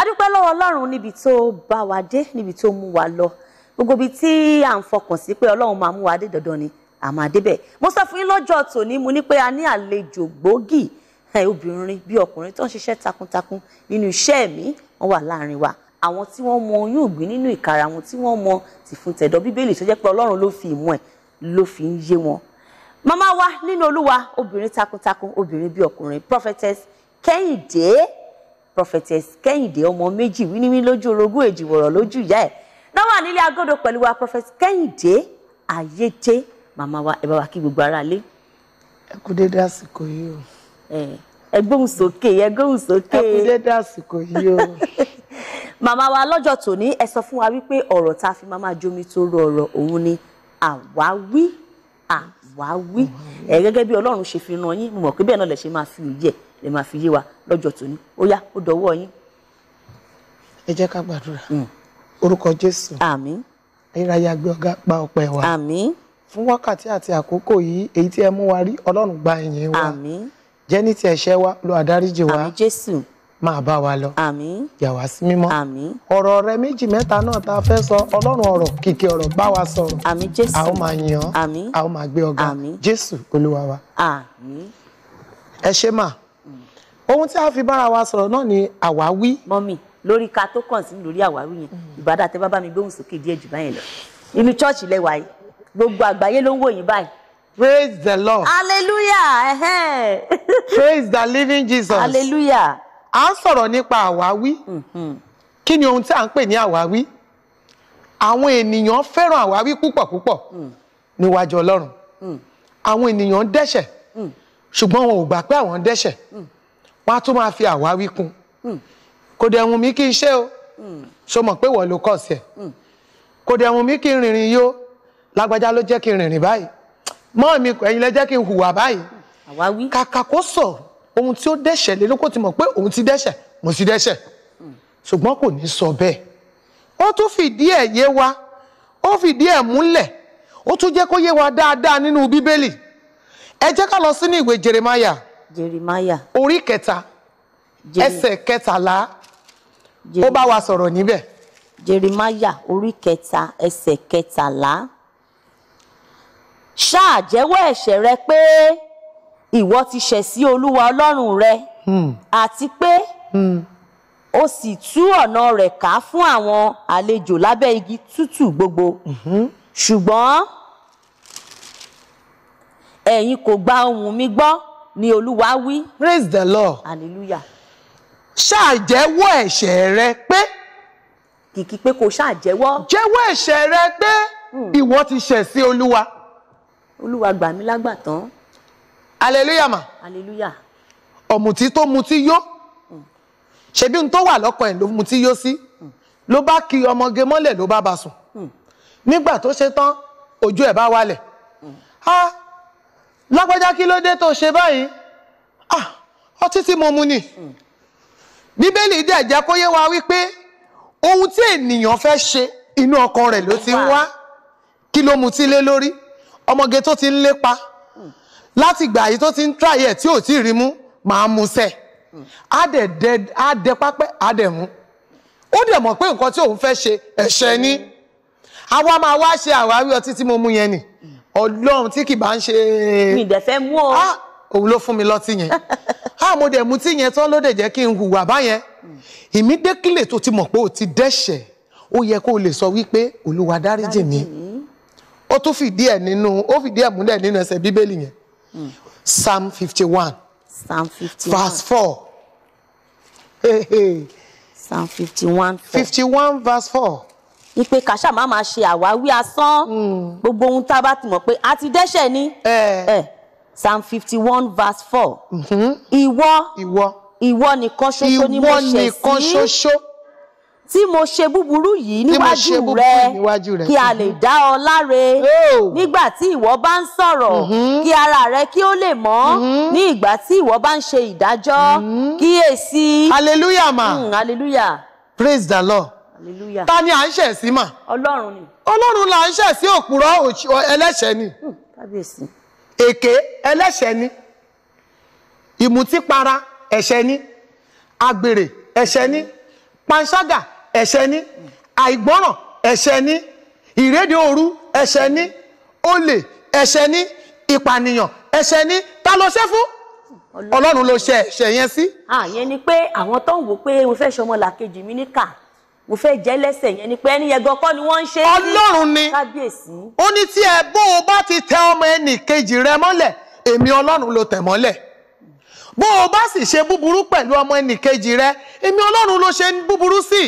adúpẹ́ lọ́wọ́ ọlọ́run níbi tó bá wa dé níbi tó mú wa lọ gbogbo ibi tí à ń fọkàn sí pé ọlọ́run máa mú wa dé dandan ni a máa débẹ̀ mo sọ fún yín lọ́jọ́ tòní mo ní pé a ní àlejò gbòógì obìnrin bí ọkùnrin tó ń ṣiṣẹ́ takuntakun nínú iṣẹ́ mi wọ́n wà láàrin wa àwọn tí wọ́n mọ oyún ìgbín nínú ìkara àwọn tí wọ́n mọ tìfun tẹ̀dọ̀ bíbélì tó jẹ́ pé ọlọ́run ló fi ìmọ̀ ẹ̀ ló fi ń yé wọn. màmá wa nínú olúwa obìnrin takuntakun obìnrin bí ọkùnrin prophetess kẹ́hìndé prophetess kẹ́hìndé ọmọ méjì wíníwí lójú orogún èjìwọ̀rọ̀ lójú ìyá ẹ̀ náà wà nílé agodo pẹ̀lú wa prophet kẹ́hìndé ayété màmá wa ẹ bá wa kí gbogbo ara lé. ẹ kú dédé àsìkò yìí o. ẹ gbóhùn sókè ẹ gbóhùn sókè. ẹ kú dédé àsìkò yìí o. màmá wa lọ́jọ́ tòní ẹ sọ fún wa wípé ọ̀rọ̀ tá a fi máa máa jomi tó ro ọ̀rọ̀ òun ni àwáwí àwáwí ẹ gẹ́gẹ́ bí ọlọ́run ṣe fi ràn yín mọ̀ pé bẹ́ẹ̀ náà lè ṣe máa fi òye lè máa fi yé wa lọ́jọ́ tòní ó yá ó dọwọ́ yín. ẹ jẹ́ ká gbàdúrà hmm. orúkọ jésù àmín ìrayà gbé ọ̀gá pa ọpẹ́ wa àmín fún wákàtí àti àkókò yìí èyí tí ẹ mú wa rí ọlọ́run gba ìyìn wa àmín jẹ́ ní ti ẹ̀ṣẹ̀ wa lo àdáríjì wa àmín jésù máa bá wa lọ. àmín. yà wá sí mímọ́. àmín. ọ̀rọ̀ rẹ méjì mẹ́ta náà tá a fẹ́ sọ ọlọ́run ọ̀rọ̀ kìkì ọ̀rọ̀ bá wa sọ̀rọ̀. àmín jésù. a máa yìn ọ́. àmín. a máa gbé ọ̀gá. àmín jésù olúwa wa. àmín. ẹ ṣé mà ohun tí a fi bára wa sọ̀rọ̀ náà ni àwáwí. mọ́mì lórí ká tó kàn sí lórí àwáwí yẹn ìbádà tẹ bá bá mi gbóhùn sókè díẹ̀ jù báyẹn lọ inú chọ́ọ̀chì lẹ́wà yìí gbogbo àgbáyé ló ń wò yín báyìí. praise the lord. hallelujah. praise the living jesus. hallelujah. a ń sọ̀rọ̀ nípa àwáwí. Mhm. kí ni ohun tí a ń pè ní àwáwí? àwọn ènìyàn fẹ́ràn àwáwí púpọ̀ púpọ̀ mm. níwájú ọlọ́run. Mm. àwọn ènìyàn dẹ́ṣẹ̀ mm. ṣùgbọ́n wọn ò gbà pé àwọn dẹ́ṣẹ̀ wọn á tún máa fi àwáwí kún hmm. kò dẹ̀ wùn mí kí n ṣe o so hmm. mọ̀ pé wọ́n ló kọ̀ sí ẹ̀ hmm. kò dẹ̀ wùn mí kí n rìnrìn yó lágbájá ló jẹ́ kí n rìnrìn báyìí mọ́ mi ẹ̀yin lẹ jẹ́ kí n hùwà báyìí kàkà kó sọ ohun tí ó dẹ́ṣẹ̀ lé lóko ti mọ̀ pé òun ti dẹ́ṣẹ̀ mo ti dẹ́ṣẹ̀ ṣùgbọ́n kò ní sọ bẹ́ẹ̀ ó tún fìdí ẹ̀ yé wa ó fìdí ẹ̀ múlẹ̀ ó tún jẹ́ kó yé wa dáadáa nínú bíbélì ẹ jẹ́ ká lọ sínú ìwé Jeremáyà jeremiah orí kẹta ẹsẹ̀ kẹtàlá ó bá wa sọ̀rọ̀ níbẹ̀. jeremiah orí kẹta ẹsẹ̀ kẹtàlá ṣáà jẹ́wọ́ ẹ̀ṣẹ̀ rẹ pé ìwọ ti ṣẹ̀ sí olúwa ọlọ́run rẹ hmm. àti pé ó hmm. sì tú ọ̀nà rẹ̀ ká fún àwọn àlejò lábẹ́ igi tútù gbogbo mm-hmm. ṣùgbọ́n ẹ̀yin kò gba ohùn mi gbọ́ ni olúwa wí. praise the lord. hallelujah. ṣàjẹ́wọ́ ẹ̀ṣẹ̀ rẹ pé. kìkì pé kò ṣàjẹ́wọ́. jẹ́wọ́ ẹ̀ṣẹ̀ rẹ pé hmm. ìwọ ti ṣẹ̀ sí olúwa. olúwa gbà mí lágbàtán. hallelujah ma. hallelujah. ọ̀mùtí tó mutí yó hmm. ṣebí n tó wà lọ́kàn ẹ̀ ló mutí yó sí hmm. ló bá ki ọmọge mọ́lẹ̀ ló bá bá sùn nígbà tó ṣe tán ojú ẹ̀ bá wálẹ̀. ah lágbájá kí ló dé tó ṣe báyìí ah ọtí tí mo mu ni hmm. bíbélì dẹ̀ jẹ́ kó yé wa wípé ohun tí ènìyàn fẹ́ ṣe inú ọkàn rẹ̀ ló ti ń wá kí ló mutí lé lórí ọmọge tó ti ń lépa hmm. láti ìgbà yìí tó ti ń tíráyé ẹ̀ tí ò tí ì rí mú máa mu sẹ̀ hmm. á dẹ pápẹ́ á dẹ̀ mú ó dẹ̀ mọ̀ pé nǹkan tí òun fẹ́ ṣe ẹ̀ṣẹ̀ ni àwa máa wá ṣe àwáwí ọtí tí mo mu yẹn ni ọlọ́run tí kì bá ń ṣe. mi dẹ̀ fẹ́ mú o. Ah, òun ló fún mi lọ́tí yẹn a ah, mo dẹ̀ mutí yẹn tán ló dẹ̀ jẹ́ kí n hùwà báyẹn ìmídékìlẹ̀ tó ti mọ̀ pé o ti dẹ́ṣẹ̀ ó yẹ kó o lè sọ wípé olúwa dáríjì mi ó tún fìdí ẹ̀ nínú ó fìdí ẹ̀ múlẹ̀ nínú ẹsẹ̀ bíbélì yẹn hmm. psalm fifty one psalm fifty one verse four psalm fifty one fifty one verse four ipe kàṣà má máa ṣe àwáwí asán hmm. gbogbo ohun tá a bá ti mọ̀ pé a ti dẹ́ṣẹ̀ ni psalm fifty one verse four mm-hmm. ìwọ ìwọ nìkan ṣoṣo ni mo ṣẹ̀ sí tí mo ṣe búburú yìí níwájú rẹ kí a lè dá ọ láre oh. nígbà tí ìwọ bá ń sọ̀rọ̀ mm-hmm. kí ara rẹ kí ó lè mọ́ mm-hmm. ní ìgbà tí ìwọ bá ń ṣe ìdájọ́ kíyèsí hallelujah ma mm, hallelujah praise the lord hallelujah ta ni à ń ṣẹ̀ sí mà. ọlọ́run ni. ọlọ́run là ń ṣẹ̀ sí òpùrọ́ ẹlẹ́ṣẹ̀ ni. Hmm, kábíyèsí. èké ẹlẹ́ṣẹ̀ ni ìmùtípara ẹ̀ṣẹ̀ ni àgbèrè ẹ̀ṣẹ̀ ni panṣágà ẹ̀ṣẹ̀ ni àìgbọ́ràn ẹ̀ṣẹ̀ ni ìrédè òru ẹ̀ṣẹ̀ ni olè ẹ̀ṣẹ̀ ni ìpànìyàn ẹ̀ṣẹ̀ ni ta ló ṣe fún ọlọ́run ló ṣe ẹ̀ṣẹ̀ yẹn sí. àyẹn ah, ni pé àwọn tó ń wò pé mo fẹ́ ṣọmọ làkejì mi níkà mo fẹ́ jẹ́ lẹ́sẹ̀ yẹn ni pé ẹni yẹn gan ni wọ́n ń ṣe. ọlọ́run ni kábíyèsí. ó ní tí ẹ o bá ti tẹ ọmọ ẹnì kejì rẹ mọ́lẹ̀ èmi ọlọ́run ló tẹ̀ mọ́lẹ̀ bó o bá sì ṣe búburú pẹ̀lú ọmọ ẹnì kejì rẹ èmi ọlọ́run ló ṣe búburú sí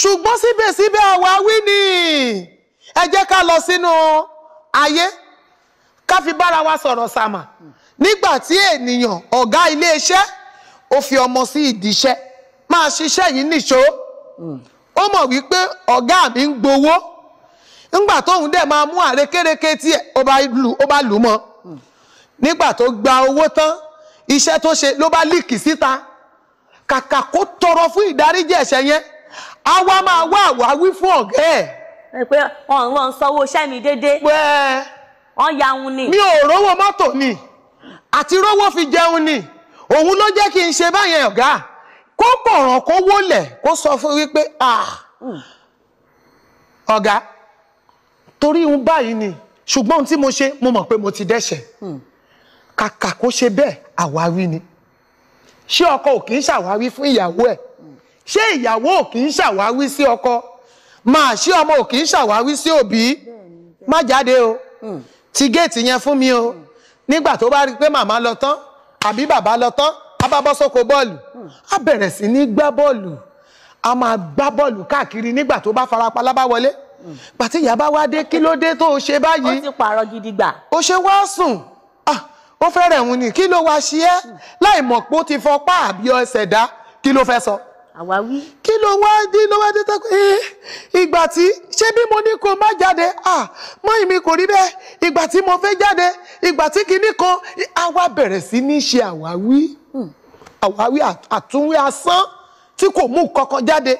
ṣùgbọ́n síbẹ̀síbẹ̀ àwa wí ni ẹ jẹ́ ká lọ sínú ayé ká fi bára wa sọ̀rọ̀ sàmà nígbà tí ènìyàn ọ̀gá ilé iṣẹ́ ó fi ọmọ sí ìdíṣẹ́ máa ṣiṣẹ́ yìí nìṣó ó mọ̀ wípé ọ̀gá mi ń gbowó nígbà tóun dẹ̀ máa mú àrékérekè tí ó bá lù mọ́ nígbà tó gba owó tán iṣẹ́ tó ṣe ló bá líìkì síta kàkà kó tọrọ fún ìdáríjì ẹ̀ṣẹ̀ yẹn á wá máa wá àwáwí fún ọ̀gá ẹ̀. ẹ pé wọn wọn sanwó iṣẹ́ mi déédéé. pẹ́ẹ́ wọ́n ya òun ni. mi ò rówó mọ́tò ni àti rówó fi jẹun ni òun ló jẹ́ kí n ṣe báyẹn ọ̀gá. kó kọ̀ràn kó wólẹ̀ kó sọ fún wípé hmm. ọ̀gá torí ohun báyìí ni ṣùgbọ́n ohun tí mo ṣe mo mọ̀ pé mo ti dẹ́ṣẹ̀ hmm. kàkà kó ṣe bẹ́ẹ̀ àwáwí ni ṣé ọkọ ò kì í ṣàwáwí fún ìyàwó ẹ̀ hmm. ṣé ìyàwó ò kì í ṣàwáwí sí ọkọ máa ṣé ọmọ ò kì í ṣàwáwí sí òbí má jáde o ti géètì yẹn fún mi o nígbà tó bá rí i pé màmá lọ tán àbí bàbá lọ tán a bọ́ọ̀lù á bẹ̀rẹ̀ sí ní gbá bọ́ọ̀lù a máa gbá bọ́ọ̀lù káàkiri nígbà tó bá farapa lábá wọlé pàtí ìyá bá wá dé kí ló dé tó o ṣe báyìí ó ti pààrọ̀ gidi gbà ó ṣe wá sùn ó fẹ́rẹ̀ ń ni kí ló wá ṣe ẹ́ láì mọ̀ pé ó ti fọpá àbí ẹsẹ̀ dá kí ló fẹ́ sọ. àwáwí. kí ló wá dé ló wá dé tẹ́kọ̀ ẹ́ eh, ìgbà tí ṣé bí mo ní kó má jáde mọ́ ìmí kò rí bẹ́ẹ̀ ìgbà tí mo fẹ́ jáde ìgbà tí kinní kan á bẹ̀rẹ̀ sí ní ṣe àwáwí. Hmm àwáwí àtúnwí asán tí kò mú kankan jáde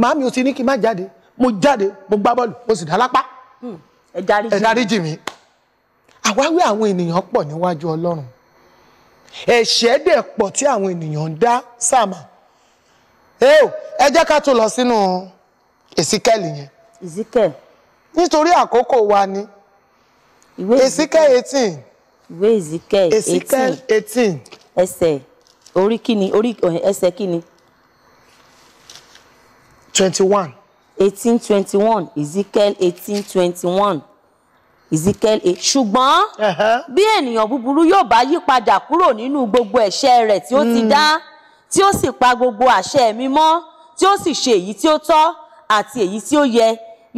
màámi ò sì ní kí n má jáde mo jáde mo gbá bọ́ọ̀lù mo sì dá lápá hmm. ẹ dáríjì mi àwáwí àwọn ènìyàn pọ̀ níwájú ọlọ́run ẹ̀ṣẹ̀ dẹ̀ pọ̀ tí àwọn ènìyàn ń dá sàmà ẹ jẹ́ ká tó lọ sínú èsíkẹ́lì yẹn èsíkẹ́lì nítorí àkókò wa ni èsíkẹ́lì eighteen èsíkẹ́lì eighteen ẹsẹ̀ orí kíni orí ẹsẹ̀ kíni. twenty one. eighteen twenty one Ezekiel eighteen twenty one Ezekiel eight ṣùgbọ́n bí ènìyàn búburú yóò bá yí padà kúrò nínú gbogbo ẹ̀ṣẹ̀ rẹ̀ tí ó ti hmm. dá tí ó sì pa gbogbo àṣẹ mi mọ́ tí ó sì ṣe èyí tí ó tọ́ àti èyí tí ó yẹ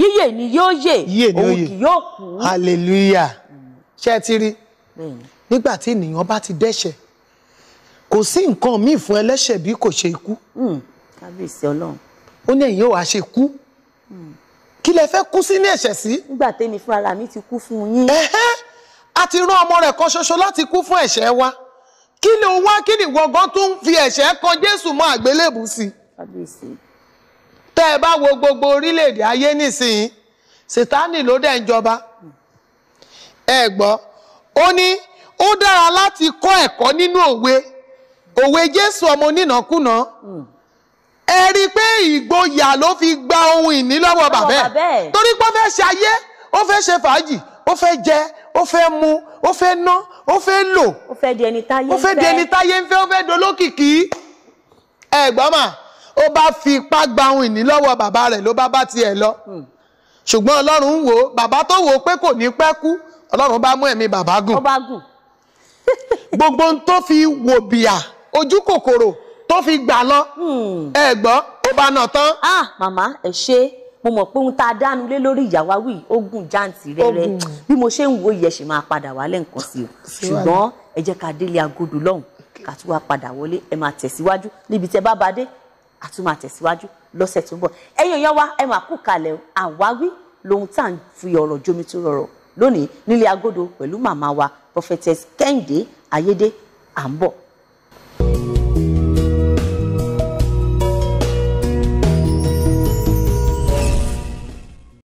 yíyè ni yóò yè òun kì yóò kú. hallelujah ṣé ẹ ti rí nígbà tí ènìyàn bá ti dẹ́ṣẹ̀ kò sí nǹkan míì fún ẹlẹ́ṣẹ̀ bí kò ṣe ikú. Hmm, kábíyèsí ọlọ́run. ó ní ẹ̀yin ò wá ṣe kú. Hmm. kí lẹ fẹ́ kú sí ní ẹ̀ṣẹ̀ sí. nígbà tẹ́mi fúnra mi ti kú fún yín. ẹ̀hẹ́ a ti rán ọmọ rẹ̀ kan ṣoṣo láti kú fún ẹ̀ṣẹ̀ wa kí ni wá kí ni gbọ̀ngàn tó ń fi ẹ̀ṣẹ̀ kan jésù mọ́ àgbélébù sí i. kábíyèsí. tẹ́ ẹ bá wo gbogbo orílẹ̀-èdè ayé nísìnyí sìtánì ló dẹ̀ ń jọba hmm. ẹ gbọ́ ó ní ó dára láti kọ́ ẹ̀kọ́ nínú òwe òwe jésù ọmọ onínàkúnà hmm. ẹ rí i pé ìgboyà ló fi gba ohun ìní lọ́wọ́ bàbá ẹ̀ torí pé ó fẹ́ ṣe ayé ó fẹ́ ṣe fàájì ó fẹ́ jẹ ó fẹ́ mu ó fẹ́ ná ó fẹ́ lò ó fẹ́ di ẹni táyé ń fẹ́ ó fẹ́ di ẹni táyé ń fẹ́ ó fẹ́ dolókìkí ẹ̀gbọ́n mà ó bá fi ipá gba ohun ìní lọ́wọ́ bàbá rẹ̀ ló bá bá tiẹ̀ lọ hmm. ṣùgbọ́n ọlọ́run ń bàbá tó wò pé kò ní pẹ́ kú ọlọ́run bá mú ẹ̀mí bàbá gùn gbogbo ohun tó fi wò bìà ojú kòkòrò tó fi gbà lọ hmm. ẹ gbọ́ ó bá nà tán. ah màmá ẹ ṣe mo mọ̀ pé ohun tá a dánu lé lórí ìyàwó àwì ogun jáǹtì rẹ̀rẹ̀ bí mo ṣe ń wo iyẹ̀ ṣì máa padà wá lẹ́ǹkan sí o ṣùgbọ́n ẹ jẹ́ ká délé agodo lọ́hùn ká tún wá padà wọlé ẹ máa tẹ̀síwájú níbi tẹ bá ba dé a tún máa tẹ̀síwájú lọ́sẹ̀ tó ń bọ̀ ẹ̀yin èèyàn wa ẹ máa kú kalẹ̀ àwáwí lohun tá à ń fi ọ̀rọ̀ jomi tó rọrọ̀ lónìí nílé agodo pẹ̀lú màmá wa prophetess Kẹ́hìndé Ayédè à ń bọ̀